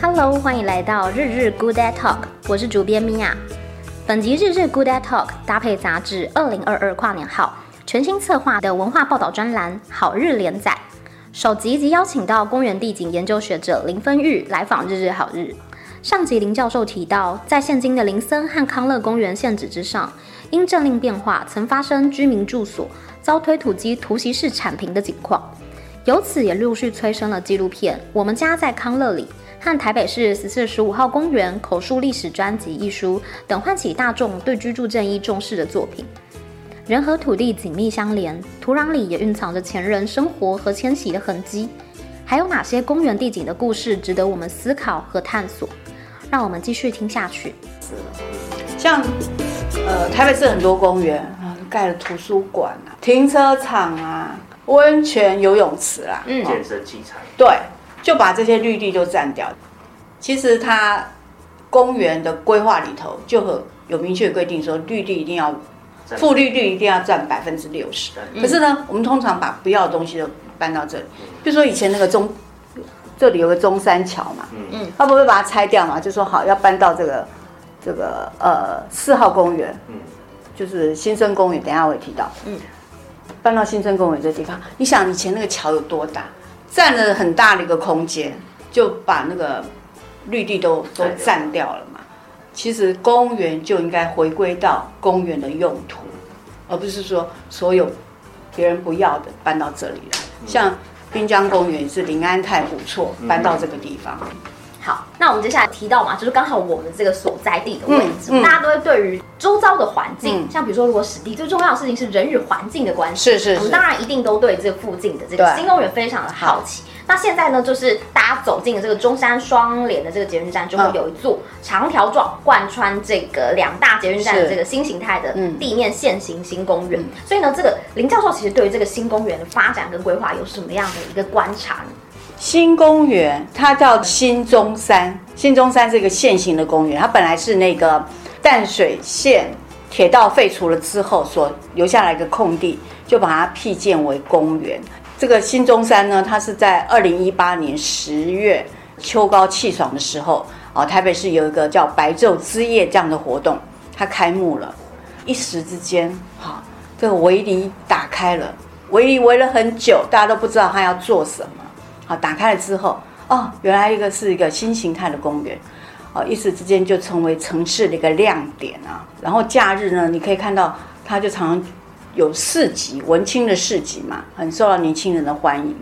Hello，歡迎來到日日 Good Day Talk，我是主編 Miya。本集日日 Good Day Talk 搭配雜誌二零二二跨年號，全新策劃的文化報道專欄好日連載。首集即邀請到公園地景研究學者林芬郁來訪日日好日。上集林教授提到，在現今的林森和康樂公園現址之上，因政令變化，曾發生居民住所遭推土機突襲式鏟平的景況，由此也陸續催生了紀錄片《我們家在康樂里》。和台北市十四十五號公園口述歷史專輯一書等喚起大眾對居住正義重視的作品。人和土地緊密相連，土壤裡也蘊藏着前人生活和遷徙的痕跡。還有哪些公園地景的故事值得我們思考和探索？讓我們繼續聽下去。像，呃，台北市很多公園，呃，蓋了圖書館啊、停車場啊、溫泉游泳池啊、嗯，健身器材，對。就把這些綠地都占掉。其實它公園的規劃裡頭就有明確規定，說綠地一定要，綠覆率，一定要占百分之六十。嗯、可是呢，我們通常把不要的東西都搬到這裡，比如說以前那個中，這裡有個中山橋嘛，嗯嗯，他不會把它拆掉嘛？就說好要搬到這個這個呃四號公園，嗯，就是新生公園，等一下我也提到，嗯，搬到新生公園這地方，你想以前那個橋有多大？佔了很大的一個空間，就把那個綠地都都佔掉了嘛。其實公園就應該回歸到公園的用途，而不是說所有別人不要的搬到這裡來。像濱江公園也是林安泰古厝，搬到這個地方。那我們接下來提到嘛，就是剛好我們這個所在地的位置，嗯嗯、大家都會對於周遭的環境，嗯、像比如說，如果史地最重要的事情是人與環境的關係，是，是是。我們當然一定都對這個附近的這個新公園非常的好奇。對那現在呢，就是大家走進了這個中山雙連的這個捷運站，就會有一座長條狀貫穿這個兩大捷運站的這個新形態的地面線型新公園。嗯、所以呢，這個林教授其實對於這個新公園的發展跟規劃有什麼樣的一個觀察呢？新公園，它叫新中山。新中山是一個線形的公園，它本來是那個淡水線鐵道廢除了之後所留下來一個空地，就把它闢建為公園。這個新中山呢，它是在二零一八年十月秋高氣爽的時候，啊，台北市有一個叫白晝之夜這樣的活動，它開幕了，一時之間，哈、啊，這個圍籬打開了，圍籬圍了很久，大家都不知道它要做什麼。好，打開了之後，哦，原來一個是一個新形態的公園，哦，一時之間就成為城市的一個亮點啊。然後假日呢，你可以看到它就常常有市集，文青的市集嘛，很受到年輕人的歡迎，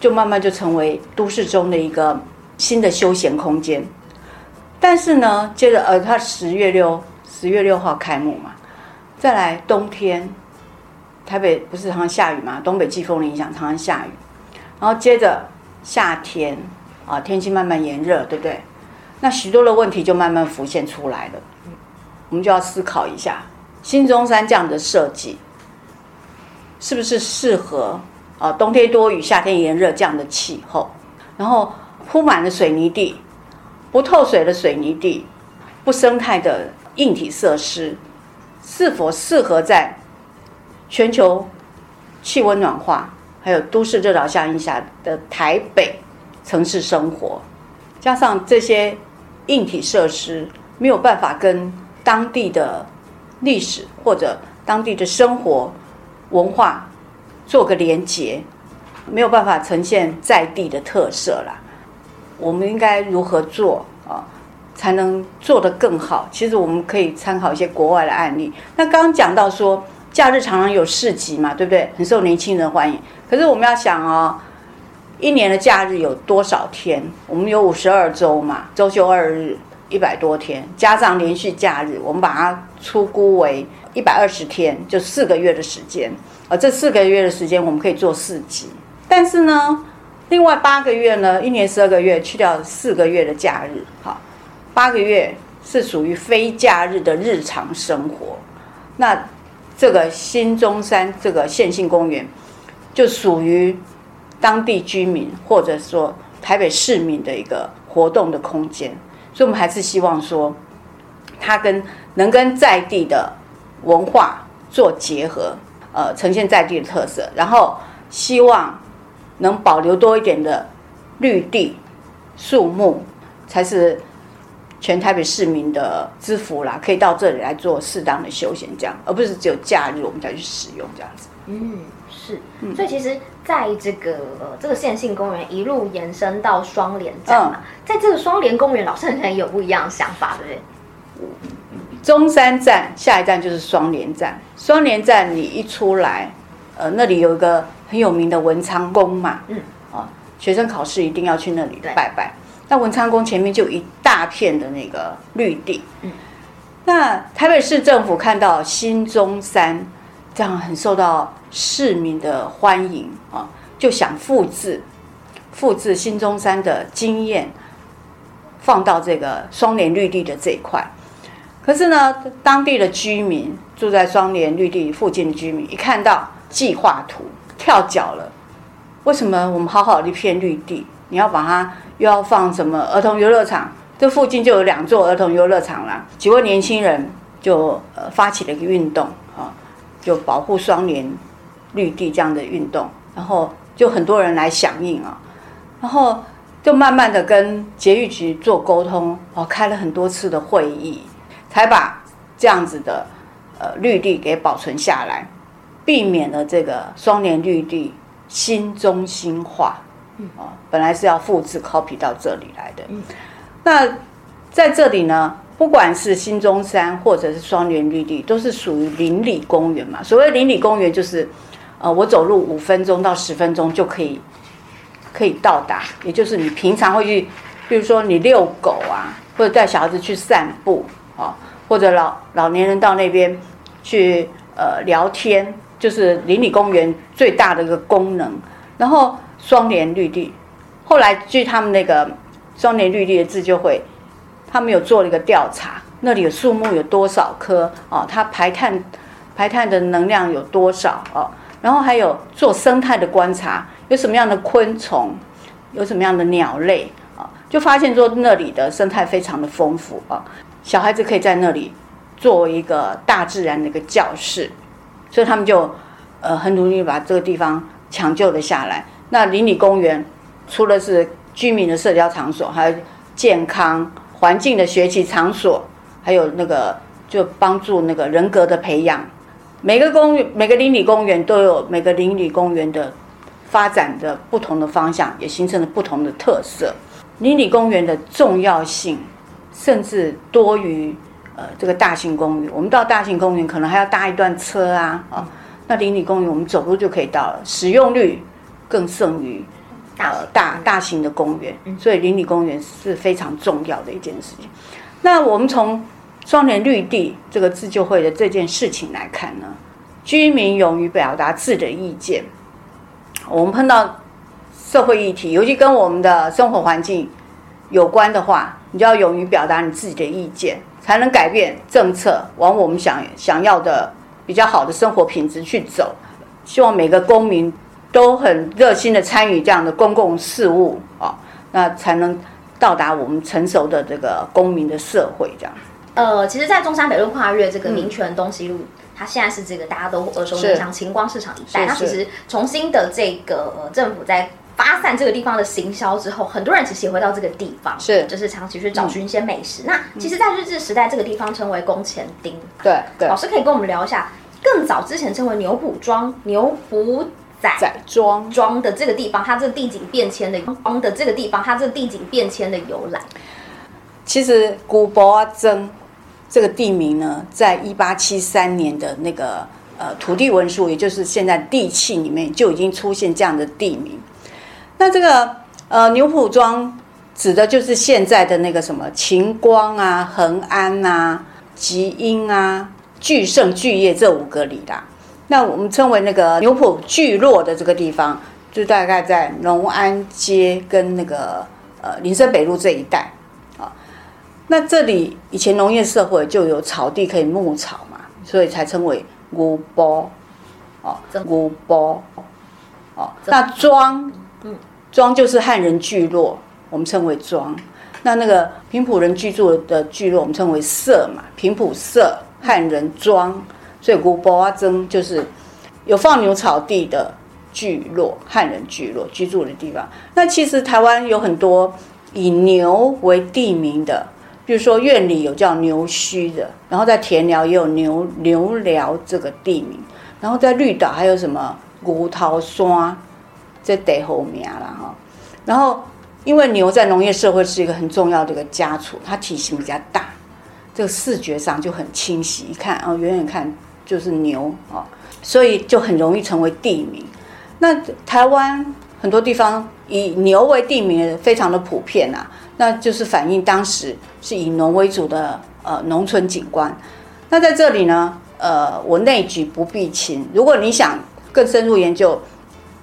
就慢慢就成為都市中的一個新的休閒空間。但是呢，接着呃，它十月六，十月六號開幕嘛，再來冬天，台北不是常常下雨嘛，東北季風的影響常常下雨。然後接着夏天啊，天氣慢慢炎熱，對不對？那許多的問題就慢慢浮現出來了。我們就要思考一下，新中山這樣的設計，是不是適合啊？冬天多雨，夏天炎熱這樣的氣候，然後鋪滿了水泥地，不透水的水泥地，不生態的硬體設施，是否適合在全球氣溫暖化？還有都市熱島效應下的台北城市生活，加上這些硬體設施，沒有辦法跟當地的歷史或者當地的生活文化做個連接，沒有辦法呈現在地的特色啦。我們應該如何做啊，才能做得更好？其實我們可以參考一些國外的案例。那剛剛講到說，假日常常有市集嘛，對不對？很受年輕人歡迎。可是我們要想哦，一年的假日有多少天？我們有五十二周嘛，周休二日，一百多天，加上連續假日，我們把它初估為一百二十天，就四個月的時間。而這四個月的時間我們可以做市集。但是呢，另外八個月呢，一年十二個月去掉四個月的假日，好，八個月是屬於非假日的日常生活。那這個新中山這個線性公園，就屬於當地居民或者說台北市民的一個活動的空間，所以我們還是希望說，它跟能跟在地的文化做結合，呃，呈現在地的特色，然後希望能保留多一點的綠地、樹木，才是。全台北市民的之福啦，可以到這裡來做適當的休閒，這樣，而不是只有假日我們才去使用這樣子。嗯，是。嗯、所以其實，在這個這個線性公園一路延伸到雙連站嘛，嗯、在這個雙連公園，老師很有不一樣的想法，對不對？嗯、中山站下一站就是雙連站，雙連站你一出來，呃，那裡有一個很有名的文昌宮嘛，嗯、哦，學生考試一定要去那裡對拜拜。那文昌宮前面就有一大片的那個綠地，那台北市政府看到新中山這樣很受到市民的歡迎啊，就想複製複製新中山的經驗，放到這個雙連綠地的這一塊。可是呢，當地的居民住在雙連綠地附近的居民一看到計劃圖，跳腳了。為什麼我們好好的一片綠地，你要把它？又要放什麼兒童遊樂場？這附近就有兩座兒童遊樂場啦。幾位年輕人就呃發起了一個運動啊，就保護雙連綠地這樣的運動，然後就很多人來響應啊，然後就慢慢的跟捷運局做溝通，哦開了很多次的會議，才把這樣子的呃綠地給保存下來，避免了這個雙連綠地新中心化。哦，本來是要複製 copy 到這裡來的。那在這裡呢，不管是新中山或者是雙連綠地，都是屬於鄰里公園嘛。所謂鄰里公園，就是、呃、我走路五分鐘到十分鐘就可以可以到達，也就是你平常會去，比如說你遛狗啊，或者帶小孩子去散步啊，呃，或者老老年人到那邊去呃聊天，就是鄰里公園最大的一個功能。然後。雙連綠地，後來據他們那個“雙連綠地”的自救會，他們有做了一個調查，那裡的樹木有多少棵哦，它排碳排碳的能量有多少哦，然後還有做生態的觀察，有什麼樣的昆蟲，有什麼樣的鳥類啊、哦？就發現說那裡的生態非常的豐富啊、哦，小孩子可以在那裡做一個大自然的一個教室，所以他們就呃很努力把這個地方搶救了下來。那鄰里公園，除了是居民的社交場所，還有健康環境的學習場所，還有那個就幫助那個人格的培養。每個公園、每個鄰里公園都有每個鄰里公園的發展的不同的方向，也形成了不同的特色。鄰里公園的重要性甚至多於呃這個大型公園。我們到大型公園可能還要搭一段車啊啊、哦，那鄰里公園我們走路就可以到了，使用率。更甚於大大型的公園，所以鄰里公園是非常重要的一件事情。那我們從雙連綠地這個自救會的這件事情來看呢，居民勇於表達自己的意見。我們碰到社會議題，尤其跟我們的生活環境有關的話，你就要勇於表達你自己的意見，才能改變政策，往我們想想要的比較好的生活品質去走。希望每個公民，都很熱心的參與這樣的公共事務、哦、那才能到達我們成熟的這個公民的社會這樣。呃，其實，在中山北路跨越這個民權東西路，嗯、它現在是這個大家都耳熟能詳晴光市場一帶。那其實，重新的這個、呃、政府在發散這個地方的行銷之後，很多人其實也回到這個地方，是就是長期去找尋一些美食。嗯、那其實，在日治時代，這個地方稱為宮前町、嗯啊。對、對，老師可以跟我們聊一下，更早之前稱為牛埔莊、牛埔。在莊莊的這個地方，它這地景變遷的方的這個地方，它這地景變遷的由來。其實古博增這個地名呢，在一八七三年的那個呃土地文書，也就是現在地契裡面，就已經出現這樣的地名。那這個呃牛埔莊，指的就是現在的那個什麼晴光啊、恆安啊、集英啊、聚盛、聚業這五個里啦。那我們稱為那個牛埔聚落的這個地方，就大概在農安街跟那個呃林森北路這一帶，啊、哦，那這裡以前農業社會就有草地可以牧草嘛，所以才稱為牛埔。哦，牛埔哦，那莊，嗯，莊就是漢人聚落，我們稱為莊。那那個平埔人居住的聚落，我們稱為社嘛，平埔社漢人莊。所以古博阿曾就是有放牛草地的聚落，漢人聚落居住的地方。那其實台灣有很多以牛為地名的，比如說院裡有叫牛須的，然後在田寮也有牛牛寮這個地名，然後在綠島還有什麼牛頭山，這得後面了哈。然後因為牛在農業社會是一個很重要的一個家畜，它體型比較大，這個視覺上就很清晰，一看啊、哦，遠遠看。就是牛啊，所以就很容易成為地名。那台灣很多地方以牛為地名非常的普遍啊，那就是反映當時是以農為主的呃農村景觀。那在這裡呢，呃，我內舉不避親。如果你想更深入研究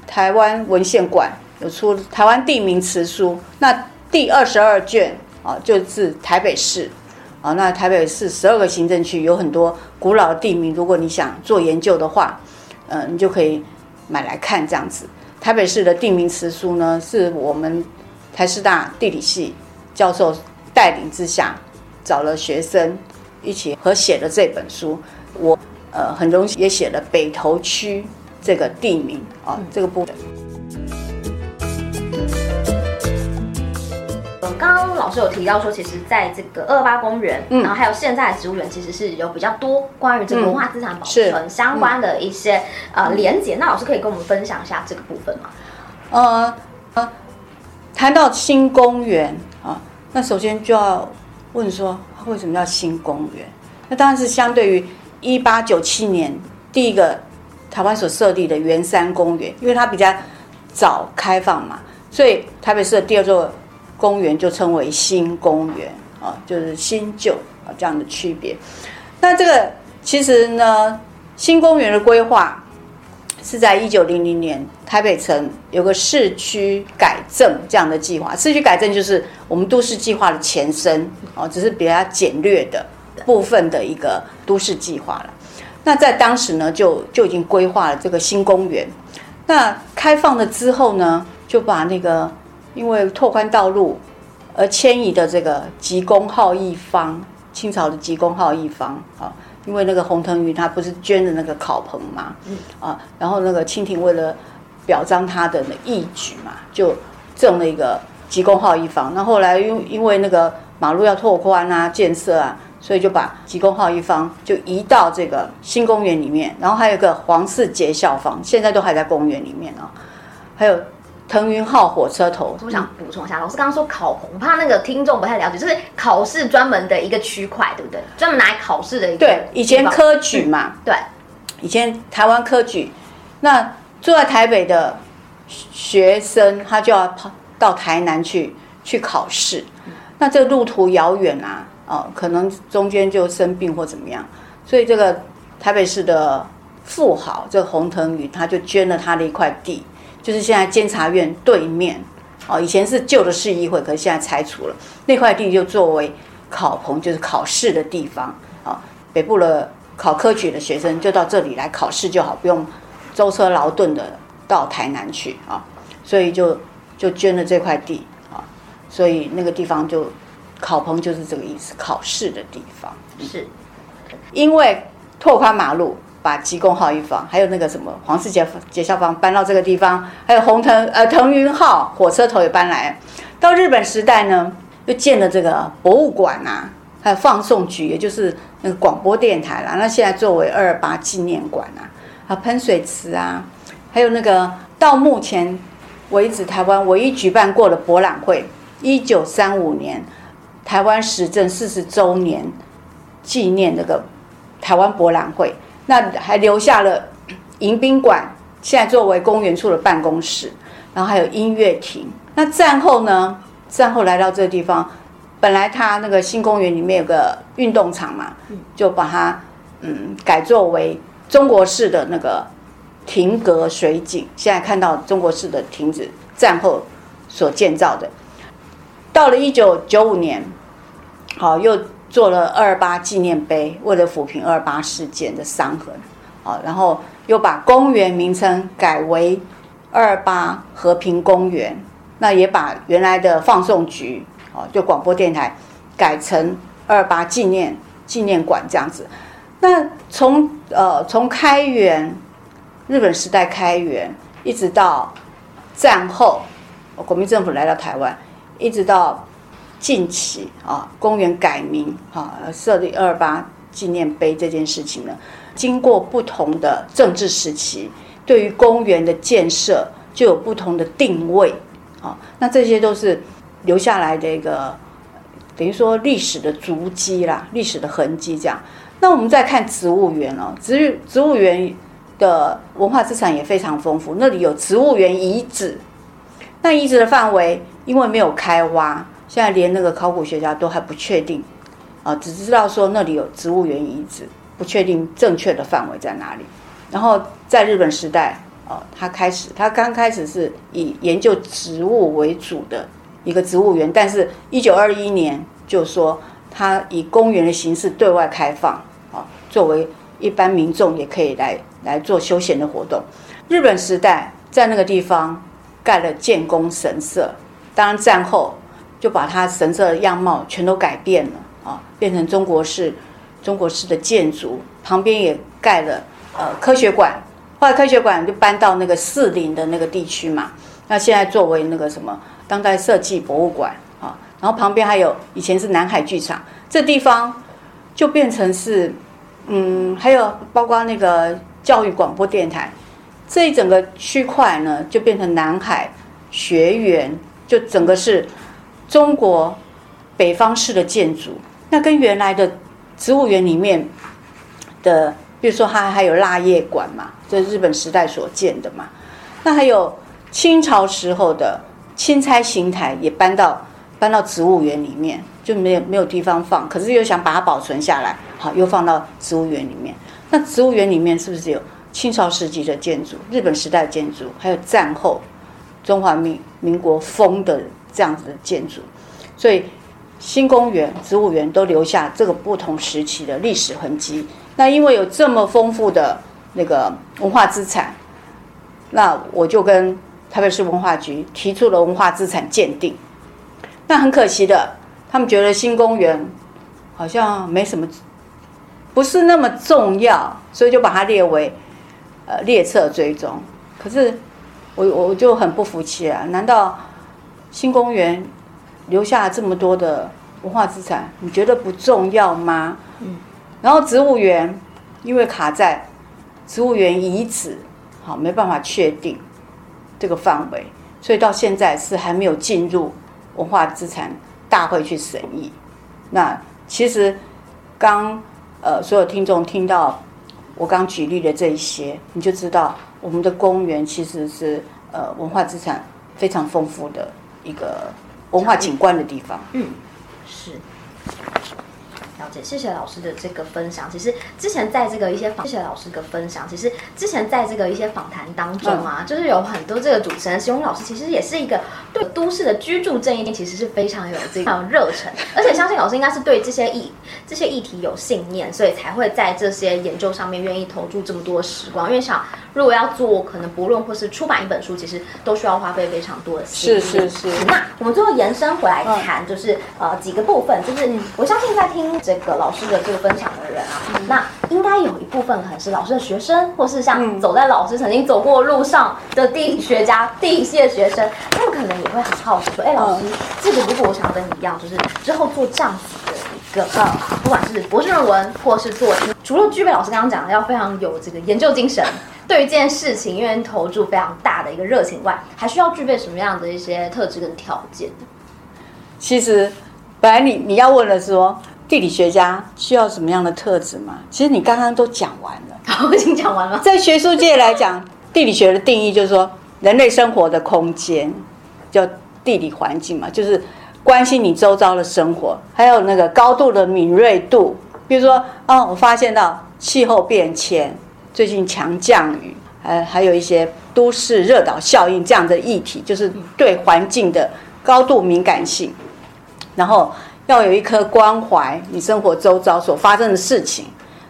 台，台灣文獻館有出《台灣地名詞書》，那第二十二卷啊、呃，就是台北市。啊、哦，那台北市十二個行政區有很多古老的地名，如果你想做研究的話，嗯、呃，你就可以買來看這樣子。台北市的地名辭書呢，是我們台師大地理系教授帶領之下，找了學生一起合寫的這本書。我呃很榮幸也寫了北投區這個地名啊、哦、這個部分。嗯嗯、剛剛老師有提到說，其實在這個二二八公園，嗯，然後還有現在的植物園，其實是有比較多關於這個文化資產保存、嗯嗯、相關的一些呃連結。嗯、那老師可以跟我們分享一下這個部分嗎？呃呃，談到新公園啊、呃，那首先就要問說它為什麼叫新公園？那當然是相對於一八九七年第一個台灣所設立的圓山公園，因為它比較早開放嘛，所以台北市的第二座。公園就稱為新公園啊，就是新舊啊這樣的區別。那這個其實呢，新公園的規劃是在一九零零年台北城有個市區改正這樣的計劃，市區改正就是我們都市計劃的前身哦，只是比較簡略的部分的一個都市計劃了。那在當時呢，就就已經規劃了這個新公園。那開放了之後呢，就把那個。因為拓寬道路而遷移的這個急公好義坊，清朝的急公好義坊啊，因為那個洪騰雲他不是捐的那個考棚嘛，啊，然後那個清廷為了表彰他的義舉嘛，就贈了一個急公好義坊。那後來又因為那個馬路要拓寬啊，建設啊，所以就把急公好義坊就移到這個新公園裡面，然後還有一個黃氏節孝坊，現在都還在公園裡面啊，還有。騰雲號火車頭，我想補充一下，老師剛剛說考紅，我怕那個聽眾不太了解，就是考試專門的一個區塊，對不對？專門拿來考試的一個。對，以前科舉嘛，嗯、對，以前台灣科舉，那住在台北的學生，他就要跑到台南去去考試，嗯、那這路途遙遠啊，哦、呃，可能中間就生病或怎麼樣，所以這個台北市的富豪，這個洪騰雲，他就捐了他的一塊地。就是現在監察院對面，哦，以前是舊的市議會，可是現在拆除了那塊地，就作為考棚，就是考試的地方。啊，北部的考科舉的學生就到這裡來考試就好，不用舟車勞頓的到台南去啊。所以就就捐了這塊地啊，所以那個地方就考棚就是這個意思，考試的地方。嗯、是，因為拓寬馬路。把急公好義坊，還有那個什麼黃氏節節孝坊，搬到這個地方，還有紅騰呃騰雲號火車頭也搬來。到日本時代呢，又建了這個博物館啊，還有放送局，也就是那個廣播電台啦，那現在作為二二八紀念館啊，啊噴水池啊，還有那個到目前為止臺灣唯一舉辦過的博覽會，一九三五年臺灣始政四十周年紀念那個臺灣博覽會。那還留下了迎賓館，現在作為公園處的辦公室，然後還有音樂亭。那戰後呢？戰後來到這個地方，本來它那個新公園裡面有個運動場嘛，就把它嗯改作為中國式的那個亭閣水景。現在看到中國式的亭子，戰後所建造的。到了一九九五年，好、哦、又。做了二二八紀念碑，為了撫平二二八事件的傷痕，啊，然後又把公園名稱改為二二八和平公園，那也把原來的放送局，哦，就廣播電台，改成二二八紀念紀念館這樣子。那從呃從開園，日本時代開園一直到戰後，國民政府來到台灣，一直到。近期啊，公園改名啊，設立二二八紀念碑這件事情呢，經過不同的政治時期，對於公園的建設就有不同的定位啊。那這些都是留下來的一個，等於說歷史的足跡啦，歷史的痕跡這樣。那我們再看植物園哦、喔，植植物園的文化資產也非常豐富，那裡有植物園遺址，那遺址，址的範圍因為沒有開挖。現在連那個考古學家都還不確定，啊，只知道說那裡有植物園遺址，不確定正確的範圍在哪裡。然後在日本時代，哦，他開始，他剛開始是以研究植物為主的一個植物園，但是一九二一年就說他以公園的形式對外開放，啊，作為一般民眾也可以來來做休閒的活動。日本時代在那個地方蓋了建功神社，當然戰後。就把它神色的樣貌全都改變了啊，變成中國式、中國式的建築，旁邊也蓋了呃科學館，後來科學館就搬到那個士林的那個地區嘛。那現在作為那個什麼當代設計博物館啊，然後旁邊還有以前是南海劇場，這地方就變成是嗯，還有包括那個教育廣播電台，這一整個區塊呢就變成南海學園，就整個是。中國北方式的建築，那跟原來的植物園裡面的，比如說它還有蠟葉館嘛，這、就是日本時代所建的嘛。那還有清朝時候的欽差行台也搬到搬到植物園裡面，就沒有沒有地方放，可是又想把它保存下來，好又放到植物園裡面。那植物園裡面是不是有清朝時期的建築、日本時代建築，還有戰後中華民民國風的？這樣子的建築，所以新公園、植物園都留下這個不同時期的歷史痕跡。那因為有這麼豐富的那個文化資產，那我就跟台北市文化局提出了文化資產鑑定。那很可惜的，他們覺得新公園好像沒什麼，不是那麼重要，所以就把它列為呃列冊追蹤。可是我我就很不服氣啊，難道，新公園留下了這麼多的文化資產，你覺得不重要嗎？嗯。然後植物園，因為卡在植物園遺址，好，沒辦法確定這個範圍，所以到現在是還沒有進入文化資產大會去審議。那其實剛呃所有聽眾聽到我剛舉例的這一些，你就知道我們的公園其實是呃文化資產非常豐富的。一個文化景觀的地方，嗯，是了解。謝謝老師的這個分享。其實之前在這個一些訪，謝謝老師的分享，其實之前在這個一些訪談當中啊，嗯，就是有很多這個主持人，熊老師其實也是一個。對都市的居住正義其實是非常有這樣熱忱，而且相信老師應該是對這些議這些議題有信念，所以才會在這些研究上面願意投注這麼多的時光。因為想，如果要做可能博論，或是出版一本書，其實都需要花費非常多的心力。是是是。那我們最後延伸回來談，就是、嗯、呃幾個部分，就是我相信在聽這個老師的這個分享的人啊，嗯、那應該有一部分可能是老師的學生，或是像走在老師曾經走過路上的地理學家、地理系的學生，那可能。我會很好奇說：“哎、欸，老師，這個如果我想跟你一樣，就是之後做這樣子的一個，呃，不管是博士論文或是作文，除了具備老師剛剛講的要非常有這個研究精神，對於這件事情願意投注非常大的一個熱情外，還需要具備什麼樣的一些特質跟條件。其實，本來你你要問的是說，地理學家需要什麼樣的特質嗎？其實你剛剛都講完了，我 已經講完了。在學術界來講， 地理學的定義就是說，人類生活的空間。叫地理環境嘛，就是關心你周遭的生活，還有那個高度的敏銳度。比如說，啊、哦，我發現到氣候變遷，最近強降雨，呃，還有一些都市熱島效應這樣的議題，就是對環境的高度敏感性。然後要有一顆關懷你生活周遭所發生的事情。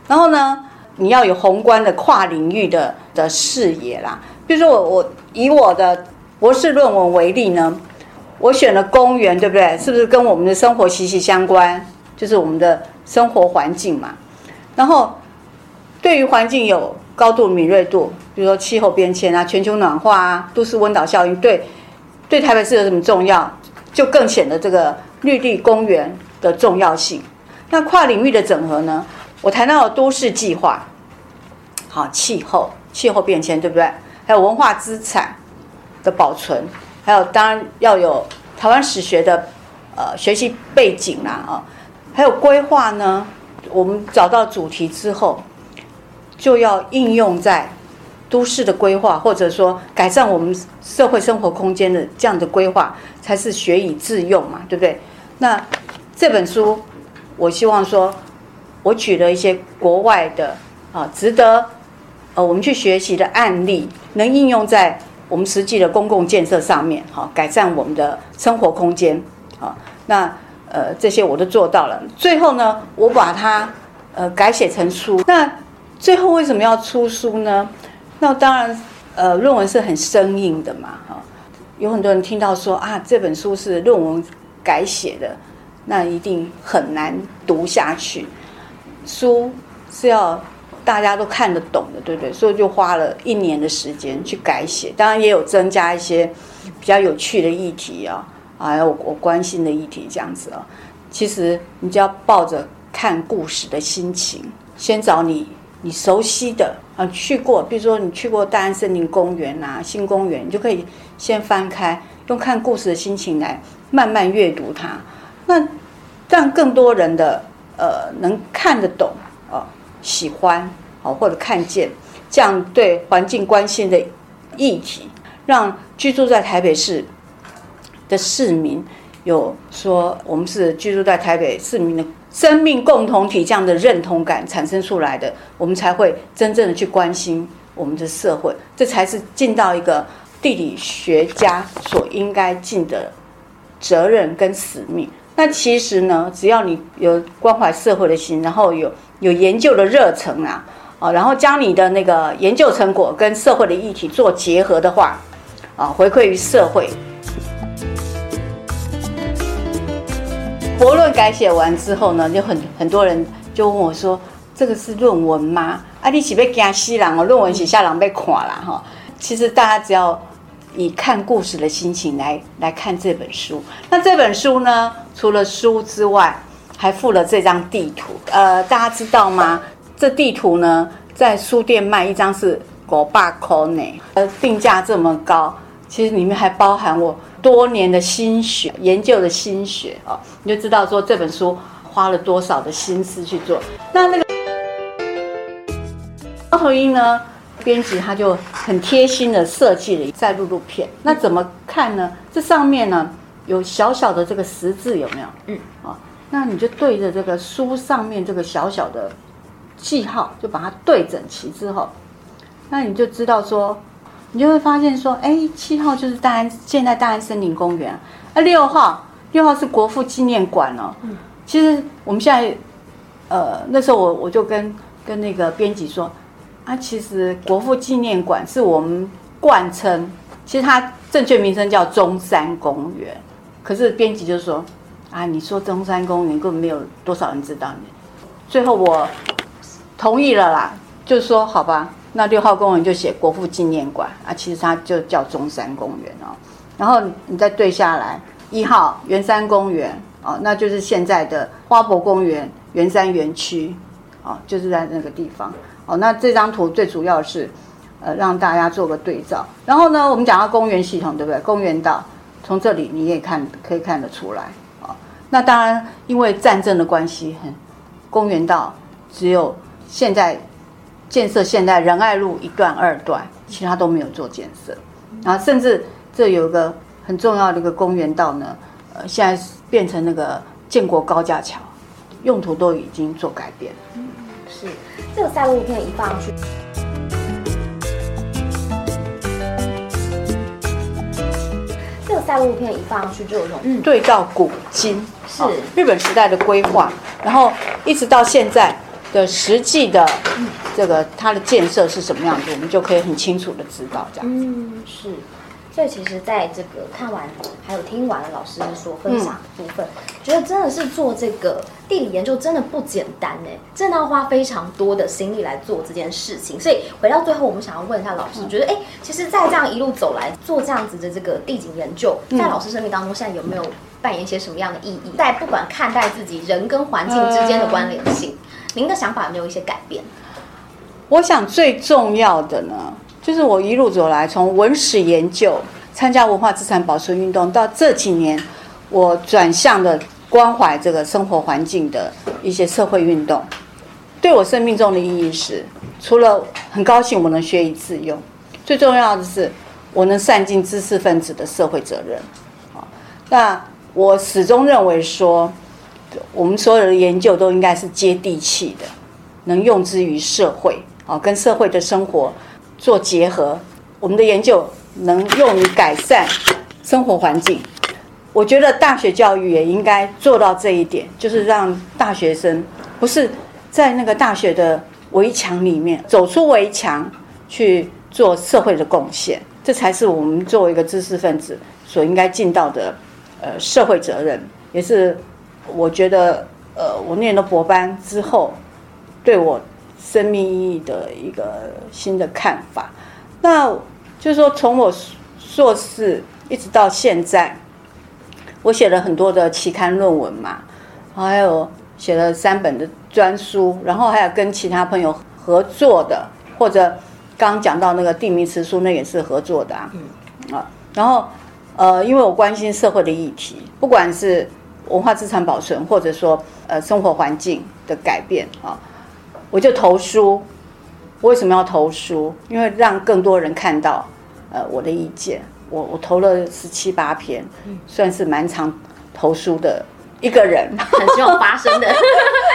然後呢，你要有宏觀的跨領域的的視野啦。比如說我，我我以我的。博士論文為例呢，我選了公園，對不對？是不是跟我們的生活息息相關？就是我們的生活環境嘛。然後，對於環境有高度敏銳度，比如說氣候變遷啊、全球暖化啊、都市溫島效應，對對，台北市有什麼重要，就更顯得這個綠地公園的重要性。那跨領域的整合呢？我談到都市計劃，好氣候、氣候變遷，對不對？還有文化資產。的保存，還有當然要有台灣史學的呃學習背景啦，啊、哦，還有規劃呢。我們找到主題之後，就要應用在都市的規劃，或者說改善我們社會生活空間的這樣的規劃，才是學以致用嘛，對不對？那這本書，我希望說，我舉了一些國外的啊、呃，值得呃我們去學習的案例，能應用在。我們實際的公共建設上面，好、哦、改善我們的生活空間，好、哦、那呃這些我都做到了。最後呢，我把它呃改寫成書。那最後為什麼要出書呢？那當然，呃論文是很生硬的嘛，哈、哦。有很多人聽到說啊這本書是論文改寫的，那一定很難讀下去。書是要。大家都看得懂的，對不對？所以就花了一年的時間去改寫，當然也有增加一些比較有趣的議題啊，還有我，我關心的議題這樣子啊。其實你就要抱着看故事的心情，先找你你熟悉的啊去過，比如說你去過大安森林公園啊，新公園，你就可以先翻開，用看故事的心情來慢慢閱讀它，那讓更多人的呃能看得懂。喜歡好，或者看見這樣對環境關心的議題，讓居住在台北市的市民有說我們是居住在台北市民的生命共同體這樣的認同感產生出來的，我們才會真正的去關心我們的社會，這才是盡到一個地理學家所應該盡的責任跟使命。那其實呢，只要你有關懷社會的心，然後有有研究的熱忱啊，啊、哦，然後將你的那個研究成果跟社會的議題做結合的話，啊、哦，回饋於社會。 博論改寫完之後呢，就很很多人就問我說：“這個是論文嗎？啊，你豈被驚死人哦！論文寫下朗被垮了哈。哦”其實大家只要以看故事的心情來來看這本書。那這本書呢？除了書之外，還附了這張地圖。呃，大家知道嗎？這地圖呢，在書店賣一張是國八塊內，呃，定價這麼高，其實裡面還包含我多年的心血、研究的心血，哦，你就知道說，這本書花了多少的心思去做。那那個貓頭鷹呢？編輯他就很貼心的設計了在錄錄片。那怎麼看呢？嗯，這上面呢？有小小的這個十字有沒有？嗯啊、哦，那你就對着這個書上面這個小小的記號，就把它對整齊之後，那你就知道說，你就會發現說，哎、欸，七號就是大安，現在大安森林公園啊，啊六號六號是國父紀念館哦、喔。嗯，其實我們現在，呃，那時候我我就跟跟那個編輯說，啊，其實國父紀念館是我們慣稱，其實它正確名稱叫中山公園。可是編輯就說：“啊，你說中山公園根本沒有多少人知道你。”最後我同意了啦，就說好吧，那六號公園就寫國父紀念館啊，其實它就叫中山公園哦、喔。然後你再對下來，一號圓山公園哦、喔，那就是現在的花博公園、圓山園區哦，就是在那個地方哦、喔。那這張圖最主要是呃讓大家做個對照。然後呢，我們講到公園系統，對不對？公園道。從這裡你也可看可以看得出來啊，那當然因為戰爭的關係，很公園道只有現在建設，現在仁愛路一段、二段，其他都沒有做建設，然後甚至這有一個很重要的一個公園道呢，呃，現在變成那個建國高架橋，用途都已經做改變了，嗯，是這個三五片一放去，在錄片一放上去就有種、嗯，對照古今，是日本時代的規劃，然後一直到現在的實際的這個它的建設是什麼樣子，我們就可以很清楚的知道這樣子。嗯，是。所以其實，在這個看完還有聽完老師所分享的部分，嗯、覺得真的是做這個地理研究真的不簡單呢，真的要花非常多的心力來做這件事情。所以回到最後，我們想要問一下老師，嗯、覺得哎、欸，其實在這樣一路走來做這樣子的這個地景研究，在老師生命當中，現在有沒有扮演一些什麼樣的意義？在、嗯、不管看待自己人跟環境之間的關聯性，呃、您的想法有沒有一些改變？我想最重要的呢，就是我一路走來，從文史研究、參加文化資產保存運動，到這幾年我轉向的關懷這個生活環境的一些社會運動，對我生命中的意義是，除了很高興我能學以致用，最重要的是我能善盡知識分子的社會責任。好，那我始終認為說，我們所有的研究都應該是接地氣的，能用之於社會，啊，跟社會的生活做結合，我們的研究能用於改善生活環境。我覺得大學教育也應該做到這一點，就是讓大學生不是在那個大學的圍牆裡面，走出圍牆去做社會的貢獻，這才是我們作為一個知識分子所應該盡到的呃社會責任，也是我覺得呃，我念了博班之後對我。生命意義的一個新的看法，那就是說，從我碩士一直到現在，我寫了很多的期刊論文嘛，還有寫了三本的專書，然後還有跟其他朋友合作的，或者剛剛講到那個地名辭書，那也是合作的啊。嗯、啊，然後呃，因為我關心社會的議題，不管是文化資產保存，或者說呃生活環境的改變啊。我就投書，我為什麼要投書？因為讓更多人看到，呃，我的意見。我我投了十七八篇，嗯、算是蠻常投書的一個人，很希望發生的，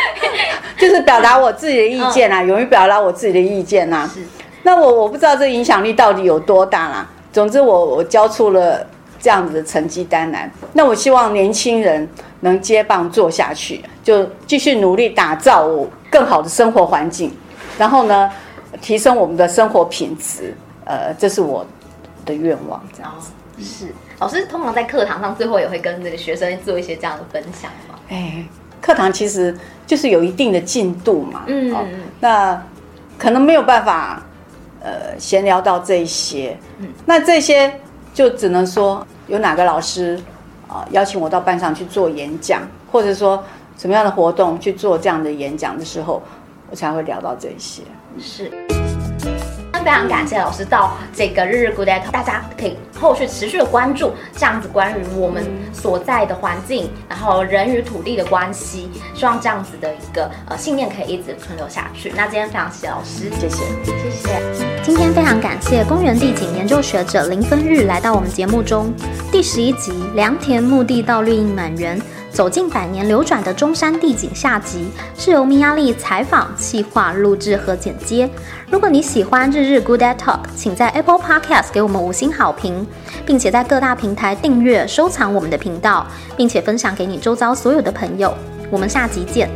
就是表達我自己的意見啊，勇於、哦、表達我自己的意見啊。是那我我不知道這個影響力到底有多大啦。總之我我交出了這樣子的成績單來。那我希望年輕人能接棒做下去，就繼續努力打造我。更好的生活環境，然後呢，提升我們的生活品質，呃，這是我的願望。這樣子是老師通常在課堂上最後也會跟這個學生做一些這樣的分享嗎？哎，課堂其實就是有一定的進度嘛。嗯，哦，那可能沒有辦法，呃，閒聊到這一些。嗯。那這些就只能說有哪個老師，呃，邀請我到班上去做演講，或者說，什麼樣的活動去做這樣的演講的時候，我才會聊到這一些。是，那非常感謝老師到這個日日 GOODDAY TALK，大家可以後續持續的關注這樣子關於我們所在的環境，然後人與土地的關係，希望這樣子的一個呃信念可以一直存留下去。那今天非常感謝老師，謝謝。謝謝。今天非常感謝公園地景研究學者林芬郁來到我們節目中第十一集《良田墓地到綠蔭滿園》。走進百年流轉的中山地景，下集是由 Miya Lee 採訪、企劃、錄製和剪接。如果你喜歡日日 GOODDAY TALK，請在 Apple Podcast 給我們五星好評，並且在各大平台訂閱、收藏我們的頻道，並且分享給你周遭所有的朋友。我們下集見。